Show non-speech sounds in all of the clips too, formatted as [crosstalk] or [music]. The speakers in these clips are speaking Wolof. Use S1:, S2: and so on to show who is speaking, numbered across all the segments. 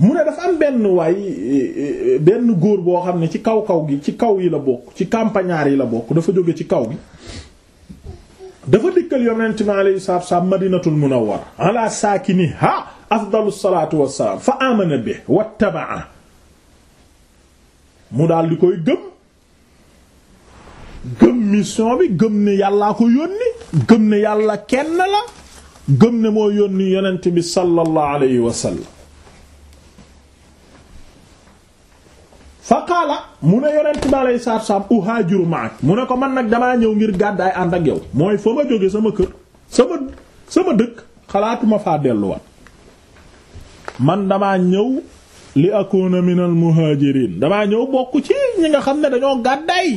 S1: mu ne dafa am benn waay benn góor boo xam ne ci kaw kaw gi ci kaw yi la bokk ci campagnard yi la bokk dafa jóge ci kaw gi dafa dikkal yonent mi alayhi salaatu wassalaam madinatul munawwara ala saakiniha afdalu salaatu wassalaam fa amana bi wattabaa mu daal di koy gëm gëm mission bi gëm ne yàllaa ko yónni gëm ne yàlla kenn la gëm ne moo yónni yonent bi sallallahu alayhi wa fa qaala mu ne yonent bi alayhi salaatu salaam uhaajiru ma'ak mu ne ko man nag damaa ñëw ngir gàddaay ànd ak yow mooy fa ma jóge sama kër sama sama dëkk xalaatuma faa delluwaat man damaa ñëw li akuna minal muhaajiriin damaa ñëw bokk ci ñi nga xam ne dañoo gàddaay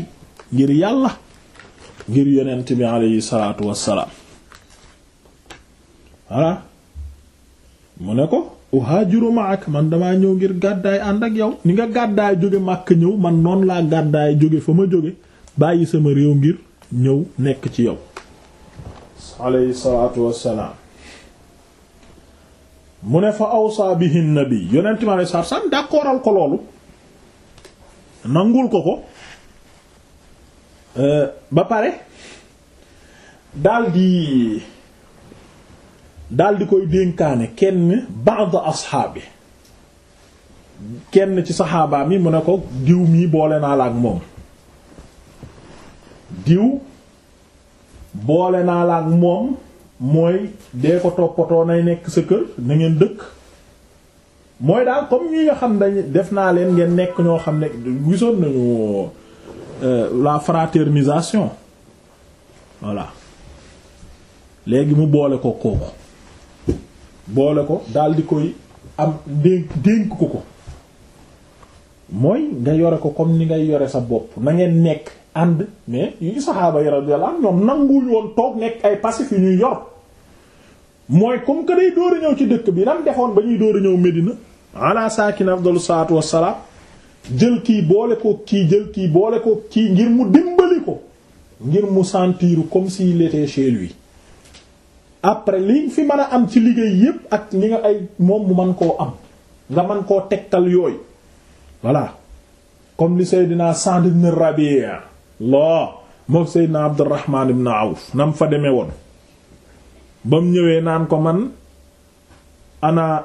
S1: ngir yàlla ngir yonent bi alayhi salaatu wassalaam mu ne ko uhaajiru ma'ak man damaa ñëw ngir gàddaay ànd ak yow ni nga gàddaay jóge màkk ñëw man noonu laa gàddaay jóge fa ma jóge bàyyi sama réew ngir ñëw nekk ci yow alayhi salaatu mu ne fa awsaa bihi nabi yonent ma saar san d'accordal ko loolu nangul ko ko euh, ba pare daldi daal di koy dénkaane kenn ba'd asxaabi kenn ci saxaabaam yi mu ne ko diw mii boole naa la ak moom diw boole naa la ak moom mooy dee ko toppatoo nay nekk sa kër na dëkk mooy daal comme ñi nga xam dañ def naa leen ngeen nekk ñoo xam ne gisoon nañu euh, la fraternisation voilà léegi mu boole ko kooku boole ko daal di koy am dénk dénk ko ko mooy nga yore ko comme ni ngay yore sa bopp na ngeen nekk ànd mais yu saxaaba yi radiyallahu ñoom nanguwuñu woon toog nekk ay passif yu ñuy yor mooy comme que day door a ñëw ci dëkk bi lan defoon ba ñuy door a ñëw Medina. ala sakin afdalu salaatu wassalaam jël kii boole ko kii jël kii boole ko kii ngir mu dimbali ko ngir mu sentir comme s'il était chez lui. après liñ fi mën a am ci liggéey yépp ak li nga ay moom mu mën koo am nga man koo tegtal yooyu voilà comme li Seydina Sa'd ibn Rabi' la moom Seydina Abdurrahman ibn Awf nam fa demee woon ba mu ñëwee naan ko man ana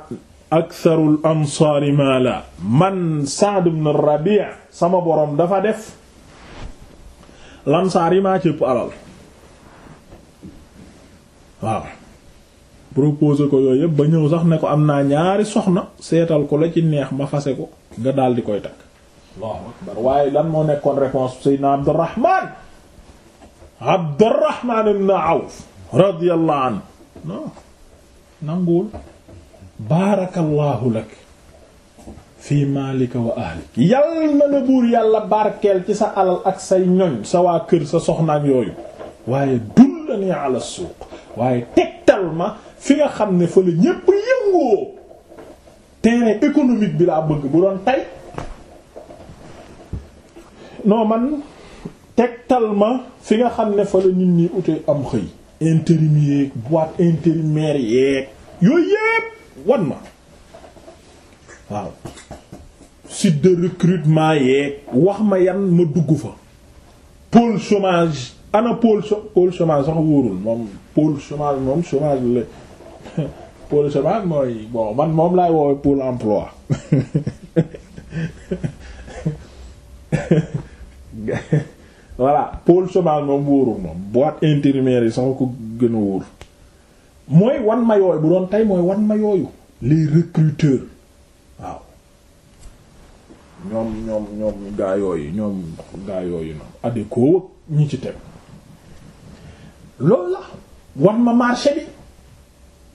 S1: aktharul ansaari maala man Sa'd ibn Rabi' sama borom dafa def lansaar yi maa ci alal waaw proposé ko yooyu yëpp ba ñëw sax ne ko am naa ñaari soxna seetal ko la ci neex ma fase ko nga daal di koy takk waaye lan moo nekkoon réponse Seydina Abdurrahman Abdurrahman ibn Awf radiyallahu anhu non nanguwul baarakallahu lak fii maalika wa ahlik yàlla na la buur yàlla barkeel ci sa alal ak say ñoñ sa waa kër sa soxnaak yooyu waaye dullani ala suuq waaye tegtal ma fi nga xam ne fa la ñépp yëngoo terrain économique bi laa bëgg bu doon tey non man tegtal ma fi nga xam ne fa la nit ñi ute am xëy intérimaire boîte intérimaire yeeg yooyu yépp wan ma waaw site de recrutement yeeg wax ma yan ma dugg fa pôle chômage ana pôle pôle somage sax wóorul moom pôle chômage moom chômage la [laughs] pôle chômage mooy bon man moom laay woowee pôle emploi [laughs] voilà pôle chômage moom wóorul moom boîte intérimaire yi sax ko gën a wóor mooy wan ma yooyu bu doon tey mooy wan ma yooyu les recruteurs waaw ñoom ñoom gaa yooyu ñoom gaa yooyu noonu adéko ñi ci teg loolu la wan ma marché bi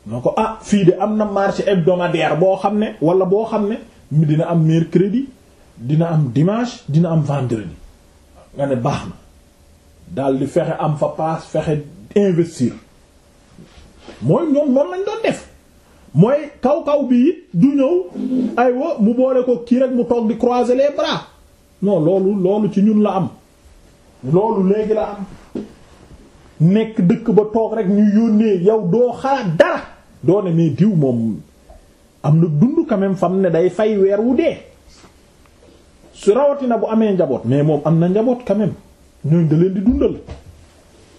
S1: na ko ah fii de am na marché hebdomadaire boo xam ne wala boo xam ne mi dina am mercredi dina am dimanche dina am vendredi nga ne baax na daal di fexe am fa paas fexe investir mooy ñoom noonu lañ doon def mooy kaw kaw bi it du ñëw ay aywa mu boole ko kii rek mu toog di croiser les bras non loolu loolu ci ñun la am loolu léegi la am. nekk dëkk ba toog rek ñu yónnee yow doo xalaat dara doo ne mais diw moom am na dund quand même fam ne day fay weer wu dee su na bu amee njaboot mais moom am na njaboot quand même da leen di dundal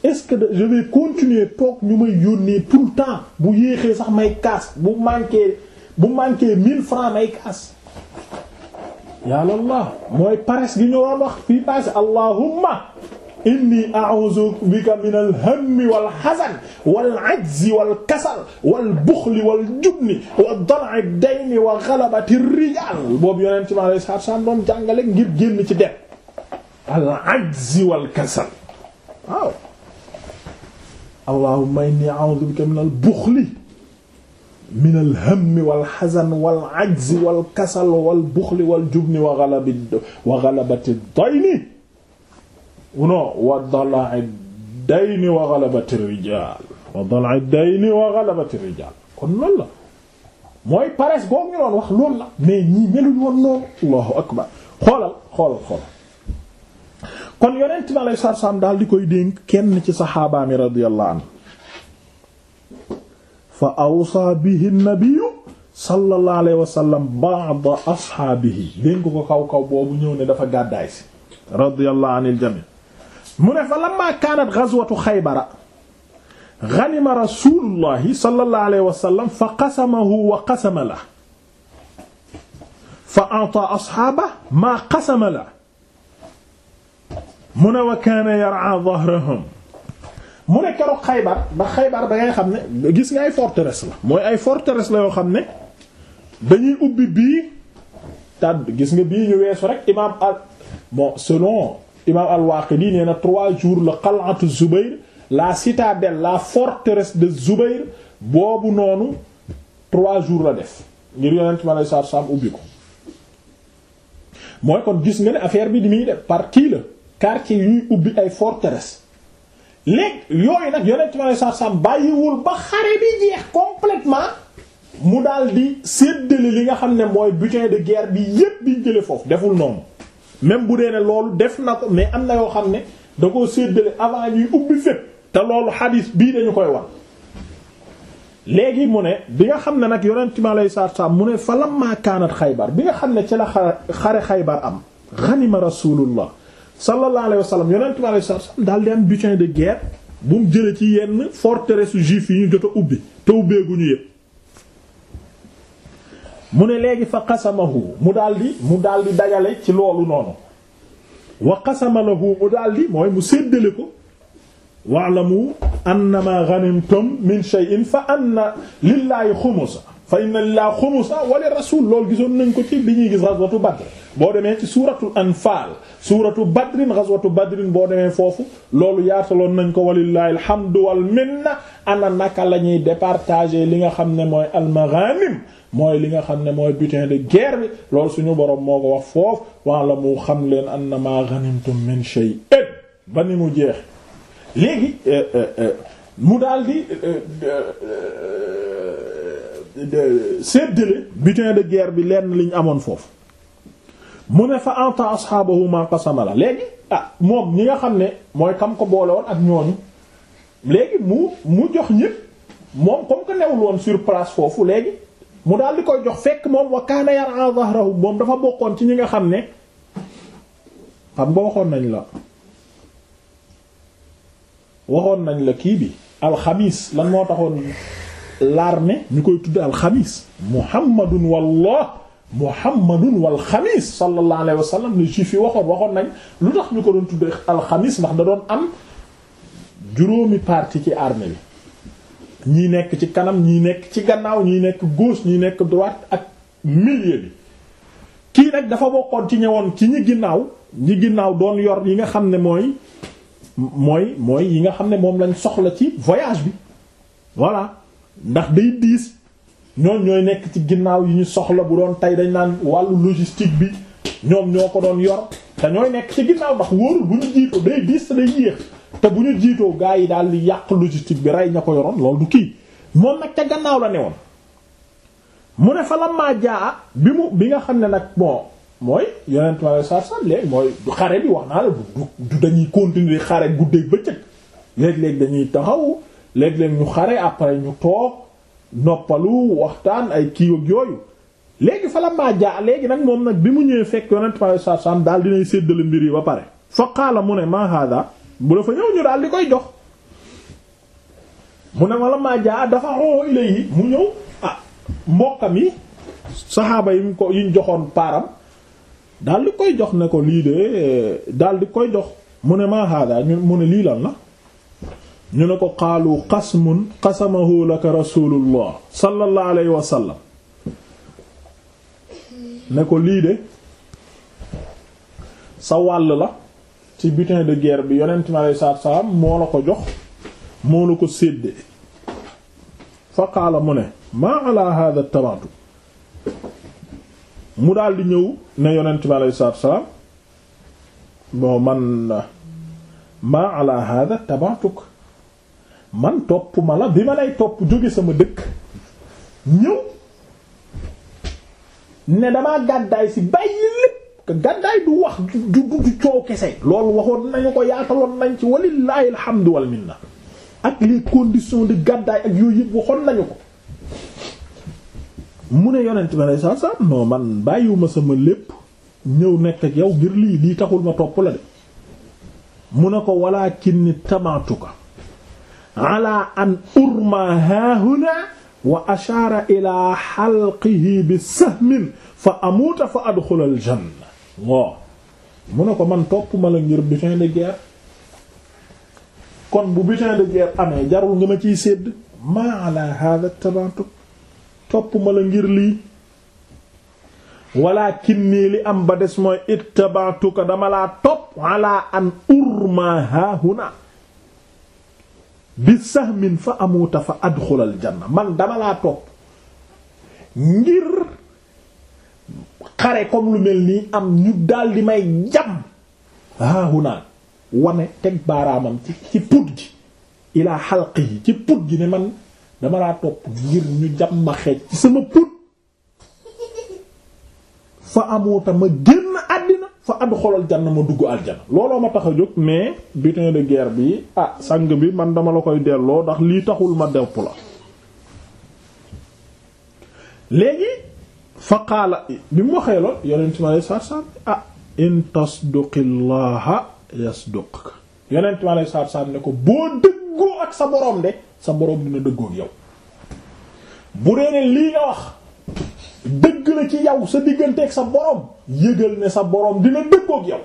S1: est-ce que je continuer toog ñu may yónnee tout le temps bu yéexee sax may kaas bu manqué bu manqué mil francs may kaas yàlla mooy pares gi ñu doon wax fii paase allahumma inni a'uuzu bika min al-hammi wal-hazani wal-'ajzi wal-kasali wal-buxli wal-jubni wa dal'i ad-dayni wa ghalabati ar-rijaal boobu Yonent bi alayhi salaatu wa salaam doon jàngale ngir génn ci dem al-'ajzi wal-kasal waaw allahumma inni a'uuzu bika min al-buxli min al-hammi wal-hazani wal-'ajzi wal-kasali wal-buxli wal-jubni wa ghalabati ad-dayni non wa dalaa dayni wa ghalabati rijaal wa dalaa dayni wa ghalabati rijaal kon loolu la mooy paresse boobu ñu doon wax loolu la mais ñii meluñ woon noonu allahu akbar xoolal xoolal kon yonent bi alayhi salaatu salaam daal di koy dénk kenn ci saxaabaa mi radiyallahu anhu fa awsaa bihi nabiyyu sallallahu alayhi wa ko kaw kaw dafa gàddaay si radiyallahu anil jamii mu ne fa lamma kaanat ghazwatu xaybara ghanima rasulullahi sallallahu alayhi wa sallam fa qasamahu wa qasama la fa a'ta asxaaba maa qasama la mu ne wa kaana yar'a dhahrahum mu ne keroog xaybar ndax xaybar da ngay xam ne gis nga ay forteresse la mooy ay forteresse la yoo xam ne dañuy ubbi bii tàdd gis nga bii ñu weesu rek imaam al bon selon imaam al-Waaqidi nee trois jours la xalatu Zubayr la citadelle la forteresse de Zubayr boobu noonu trois jours la def ngir yonent mi alei satu ubbi ko mooy kon gis nga ne affaire bi di muy def partie la quartier yu ubbi ay forteresse léegi yooyu nag yonent mi alei bàyyiwul ba xare bi jeex complètement mu daal di séddale li nga xam ne mooy butin de guerre bi yépp biñ jële foofu deful noonu même bu dee ne loolu def na ko mais am na yoo xam ne da koo séddale avant ñuy ubbi fépp te loolu xadiis bii dañu koy wax léegi mu ne bi nga xam ne nag yonent mi alayhi salaatu salaam mu ne fa lamma xaybar bi nga xam ne ci la xare xaybar am ghanima rasulullah sallallahu alayhi wa sallam yonent mi alayhi salaatu salaam daal di am butin de guerre bu mu jële ci yenn forteresse juif yi ñu jot a ubbi te ubbeeguñu yépp mu ne léegi fa qasamahu mu daldi mu daldi dajale ci loolu noonu wa qasama lahu mu daldi mooy mu séddale ko wa'lamu annama ghanimtum min shay'in fa anna lillahi xumusa fa inna lillahi xumusa wali rasul loolu gisoon nañ ko ci li ñuy gis ghazwatu badr boo demee ci suuratul anfaal suuratu badrin ghazwatu badrin boo demee foofu loolu yaataloon nañ ko walillahi alhamdu wal minna ana naka la ñuy départager li nga xam ne mooy almaghanim mooy li nga xam ne mooy butin de guerre bi loolu suñu boroom moo ko wax foofu wala mu xam leen annama ghanimtum min shay'in ba ni mu jeex léegi euh, euh, euh, mu daldi séddale butin de guerre bi lenn liñ amoon foofu mu ne fa anta asxaabahu ma qasama la léegi ah moom ñi nga xam ne mooy kam ko boole woon ak ñooñu léegi mu mu jox ñépp moom comme que newul woon sur place foofu léegi mu daal di koy jox fekk moom wa kaana yara moom dafa bokkoon ci ñi nga xam ne xam nga waxoon nañ la waxoon nañ la kii bi alxamis lan moo taxoon l'armée ñu koy tudd alxamis muhammadun wallah muhammadun wal xamis sallallahu alayhi wa sallam ne juif yi waxoon waxoon nañ lu tax ñu ko doon tudd alxamis ndax da doon am juróomi parti ci armée bi ñii nekk ci kanam ñi nekk ci gannaaw ñi nekk gauche ñi nekk droite ak milieu bi kii nag dafa bokkoon ci ñëwoon ci ñi ginnaaw ñi ginnaaw doon yor yi nga xam ne mooy mooy mooy yi nga xam ne moom lañ soxla ci voyage bi voilà ndax day diis ñoom ñooy nekk ci ginnaaw yi ñu soxla bu doon tey dañ naan wàllu logistique bi ñoom ñoo ko doon yor te ñooy nekk ci ginnaaw ndax wóorul bu ñu jiitoo day diis te day yéex te bu ñu jiitoo gaa yi daal di yàq logistique bi rey ña ko yoroon loolu du kii moom nag ca gannaaw la ne woon mu ne fa la maa bi mu bi nga xam ne nag bon mooy yeneen ma sarsan léegi mooy xare bi wax naa la du dañuy continuer xare guddeeg bëccëg léeg-léeg dañuy taxaw léegi léeg ñu xare après ñu toog noppalu waxtaan ay kii ak yooyu léegi fa la maa léegi nag moom nag bi mu ñëwee fekk yonent ma sa sam daal dinay séddale mbir yi ba pare fa mu ne ma hada bu dafa ñëw ñu daal di koy jox mu ne ma la dafa oo ilayhi mu ñëw ah mbokkam ko joxoon paaram daal koy jox ne ko lii daal di koy jox mu ne ma hada ñu mu ne lii lan la ñu ne ko qaalu qasmun qasamahu laka rasulullah sallallahu alayhi ne ko lii de sa wàll la ci butin de guerre bi yonent mi alayhi salaam moo la ko jox moo la ko séddee fa qaala mu ne maa ala hada tabaatu mu daal ñëw ne yonent mi alayhi salaam bon man maa ala hada tabaatuk man topp ma la bi ma lay topp jóge sama dëkk ñëw ne damaa gàddaay si bàyyi lépp que gàddaay du wax du du coow kese loolu waxoon nañu ko yaataloon nañ ci walillahi alhamdu minna ak les conditions de gàddaay ak yooyu yëpp waxoon nañu ko mu ne yonent ma lay saa saa non man bàyyiwuma sama lépp ñëw nekk ak yow ngir lii lii taxul ma topp la de mu ne ko walaakin ni tamaatuka ala an urma haahuna wa ashaara ila xalqihi bi sahmin fa amuuta fa adxula al janna waaw mu ne ko man topp ma la ngir butin de guerre kon bu butin de guerre amee jarul nga ma ciy sédd maa ala hada tabantu topp ma la ngir lii walakin nii li am ba des mooy ittabatuka dama laa topp ala an urma haahuna bi sahmin fa amuta fa adxulal janna man dama laa topp ngir xare comme lu mel nii am ñu daldi may jam haahu naan wane teg baaraamam ci put gi ilaa xalq yi ci put gi ne man dama laa topp ngir ñu jam ma xeej ci sama put fa amuta ma génn fa ànd xolal jann ma dugg aljana looloo ma tax a jóg mais butin de guerre bi ah sang bi man dama la koy delloo ndax lii taxul ma depp la léegi fa qaala bi mu waxee lool yonent mi alei saatu salaam ah in tasduqillaha yasduqka yonent mi alei saatu ko boo dëggoo ak sa boroom de sa boroom dina dëggoo yow bu dee ne lii nga wax dëgg la ci yow sa digganteeg sa borom yëgal ne sa boroom dina dëggoog yow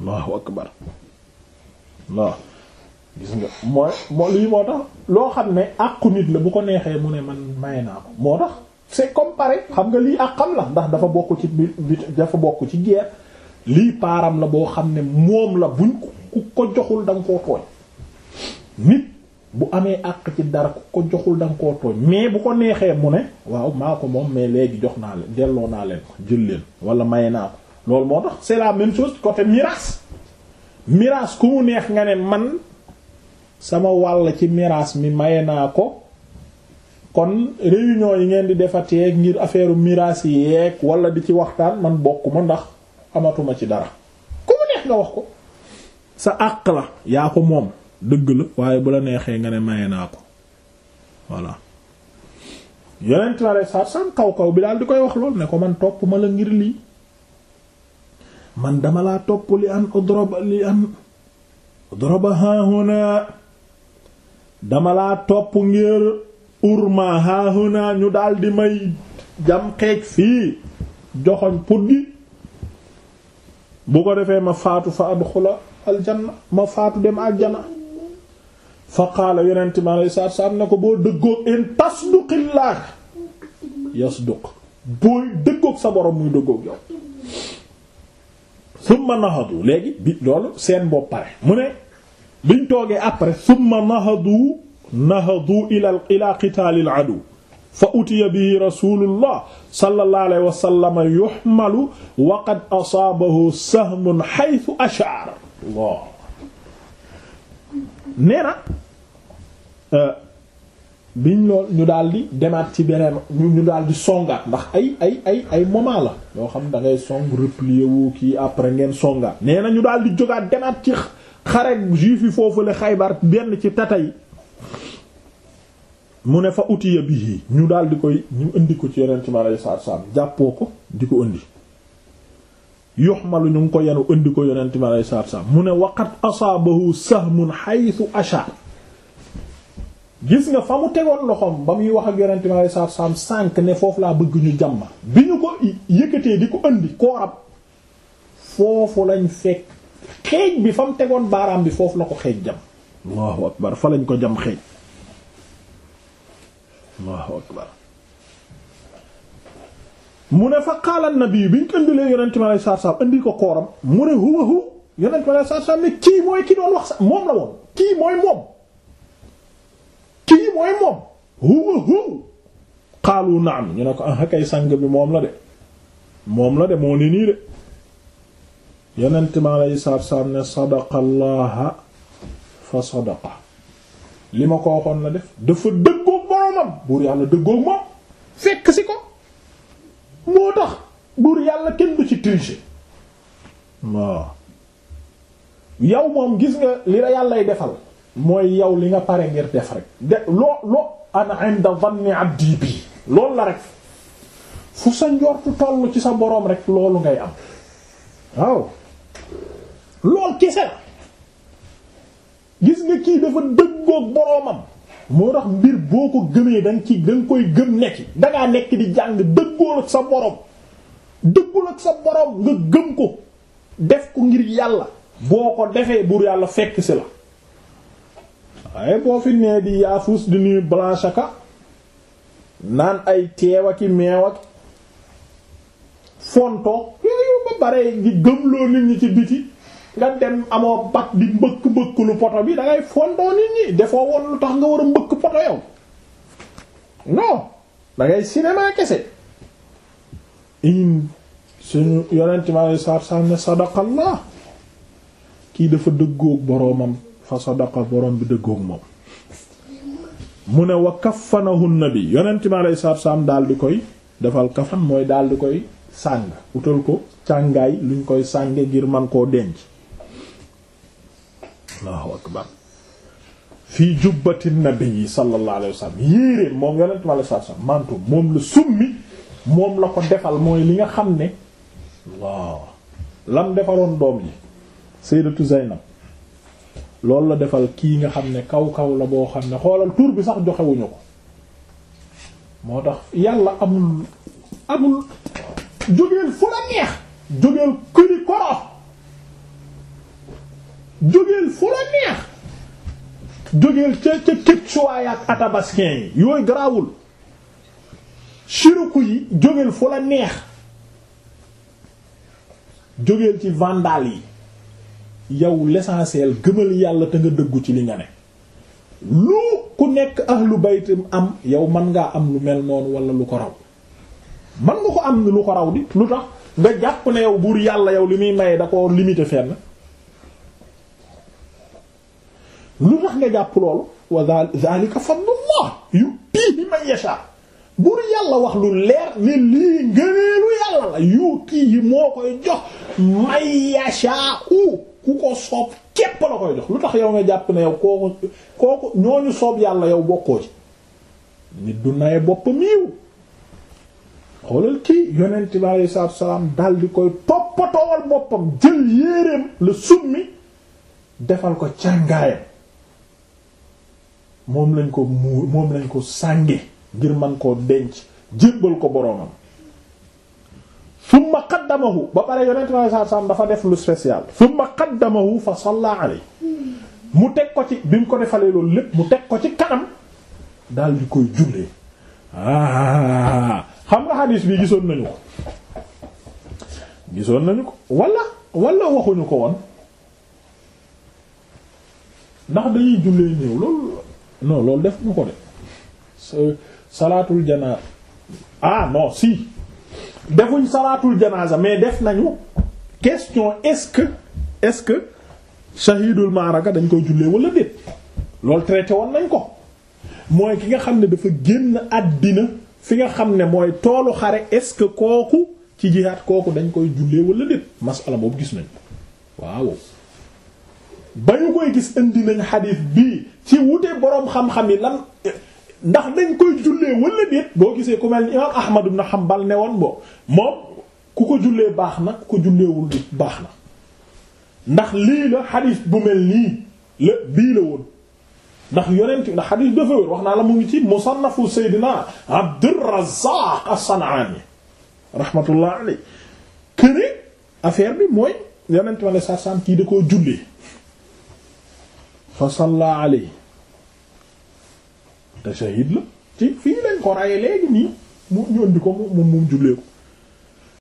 S1: allahu akbar waaw gis nga mooy moo lii moo tax loo xam ne àqu nit la bu ko neexee mu ne man may naa ko moo tax c'est comme pareil xam nga lii àqam la ndax dafa bokk ci bi dafa bokk ci guerre lii paaram la boo xam ne moom la buñ ku ko joxul da nga koo tooñ nit bu amee àq ci dara ku ko joxul da nga tooñ mais bu ko neexee mu ne waaw maa ko moom mais léegi jox naa leen delloo naa leen ko jël leen wala maye naa ko loolu moo tax c'est la même chose côté miraas miraas ku mu neex nga ne man sama wàll ci miraas mi maye naa ko kon réunion yi ngeen di defatee ngir affaire miraas yi yeeg wala di ci waxtaan man bokkuma ndax amatuma ci dara ku mu neex nga wax ko sa àq la yaa ko moom dëgg la waaye bu la neexee nga ne maye naa ko voilà yeneen tare sar san kaw kaw bi daal di koy wax lool ne ko man topp ma la ngir lii man dama laa topp li an udrob li an udroba hahuna dama laa topp ngir urma hahuna ñu dal di may jam xeej fii joxoñ put gi bu ko defee ma faatu fa adxula aljanna ma faatu dem àjjana fa qaala yonent mi alayhi salaatu salaam ne ko boo dëggoog in tasduqillah yasduq booy dëggoog sa borom muy dëggoog yow summa nahadu léegi bi loolu seen bopp pare mu ne biñ toogee après summa nahadu nahadu ila ila qitaalil adu fa utiya bihi rasulullah sallallahu alayhi wa sallam yuhmalu wa qad asaabahu sahmun haythu ashaara Allah nee na Euh, biñ lool ñu daal demaat ci beneen ñu daal di songaat ndax ay ay ay ay moment la yoo xam da ngay song replier wu kii après ngeen songaat nee na ñu daal di jógaat demaat ci xare juif yi foofu la Xaybar benn ci tata yi mu ne fa utiya bihi ñu daal di koy ñu indi ko ci yeneen ci ma lay saar saam ko di ko indi yuxmalu ñu ngi ko yenu indi ko yeneen ci ma lay saar saam mu ne waqat asaabahu sahmun haythu ashar gis nga fa mu tegoon loxoom ba muy wax ak yonente mi alayhi salaatu salaam ne foofu laa bëgg ñu jàmm bi ñu ko yëkkatee di ko indi koorab foofu lañ fekk xeej bi fa mu tegoon baaraam bi foofu la ko xeej jam allahu akbar fa lañ ko jam xeej allahu mu ne fa qaala nabi bi ñu ko indilee yonente mi alayhi salaatu indi ko kooram mu ne huwa hu yonente mi alayhi salaatu salaam ne kii mooy ki doon wax sa moom la woon kii mooy moom kii mooy moom huwa hu xaalu ñu ne ko ah kay sang bi moom la de moom la de moo ne nii de yonent ma lay saab saab ne sadaqallaha fa sadaqa li ma ko waxoon la def dafa dëggoog boromam buur yàlla dëggoog moom fekk si ko moo tax buur yàlla kenn du ci tricher waaw yow moom gis nga li la yàllay defal mooy yow li nga pare ngir def rek de loo loo ana inda dhanni abdi bi loolu la rek fu sa njortu toll ci sa boroom rek loolu ngay am waaw lool kese la gis nga kii dafa dëggoog boroomam moo tax mbir boo ko gëmee danga ci danga koy gëm nekk dangaa nekk di jàng dëggool ak sa boroom dëggul ak sa boroom nga gëm ko def ko ngir yàlla boo ko defee buur yàlla fekk si la waaye boo fi nee di yaafus di nuy blanche naan ay teew ak i meew ak yooyu ba bare di gëmloo nit ñi ci biti nga dem amoo bat di mbëkk mbëkk poto bi dangay fontoo nit ñi defoo woon lu tax nga war a mbëkk poto yow non dangay cinéma kese in suñu yonenti ma lay saar saar ne sadaqallah kii dafa dëggook boroomam fa sadaqa borom bi dëggoog moom mu ne wa kafanahu nabi yonent mi alayhi salaatu salaam daal di koy defal kafan mooy daal di koy sàng utal ko càngaay luñ koy sànge ngir man koo denc allahu akbar fii jubbati nabi sallallahu alayhi wa sallam yéeréen moom yonent mi alayhi salaatu salaam moom la summi moom la ko defal mooy li nga xam ne waaw lam defaroon doom yi sayyidatu Zaynab loolu la defal kii nga xam ne kaw kaw la boo xam ne xoolal tuur bi sax joxewuñu ko moo tax yàlla amul amul jógeel fu la neex jógeel këri ca ca kipsuwaay ak atabaskin yi yooyu garaawul siruku yi jógeel fu la neex jógeel ci vandal yi yow l'essentiel gëmal yàlla te nga dëggu ci li nga ne lu ku nekk ahlu baytam am yow man ngaa am lu mel noonu wala lu ko raw man nga ko am lu ko raw di lu tax nga jàpp ne yow buur yàlla yow li muy maye da ko limité fenn lu tax nga jàpp loolu wa zalika fadlullah yutihi man yasha buur yàlla wax lu leer ne lii ngëneelu yàlla la yutii yi moo koy jox man yasha ku ko soob képp la koy jox lu tax yow nga jàpp na yow kooku kooku ñooñu soob yàlla yow bokkoo ci nit du nawe boppam yiw xoolal kii yonent bi aleyhi salaatu dal di koy toppatoowal boppam jël yéreem la summi defal ko càngaayam moom lañ ko muur moom lañ ko sànge ngir man koo denc jébbal ko boroomam summa qaddamahu ba pare yonent bi saa saam dafa def lu spécial summa qaddamahu fa salla alayhi mu teg ko ci bi mu ko defalee loolu lépp mu teg ko ci kanam daal di koy jullee ah, xam nga hadis bi gisoon nañu ko gisoon nañu ko wala wala waxuñu ko woon ndax dañuy jullee néew loolu non loolu def ñu ko de salaatul janaa ah non si defuñ salaatul janaasa mais def nañu question est-ce que est-ce que shahidul maaraka dañ koy jullee wala déet loolu traité woon nañ ko mooy ki nga xam ne dafa génn àddina fi nga xam ne mooy toolu xare est-ce que kooku ci jihaat kooku dañ koy jullee wala déet masala boobu gis nañ waaw ba ñu koy gis indi nañ xadiis bii ci wute boroom xam-xam yi lan ndax dañ koy jullee wala déet boo gisee ku mel ni imaam Ahmad ibn Hanbal ne woon boo moom ku ko jullee baax na ku ko julleewul di baax na ndax lii la xadiis bu mel nii la bii la woon ndax yonent ndax xadiis dafa wér wax naa la mu ngi ci musannafu Seydina Abdurrazzaq as-San'ani rahmatullah alay këne affaire bi mooy yonent ma la sarsam kii da koo jullee fa salla alayhi te shahid la ci fii lañ ko raye léegi nii mu ñu indi ko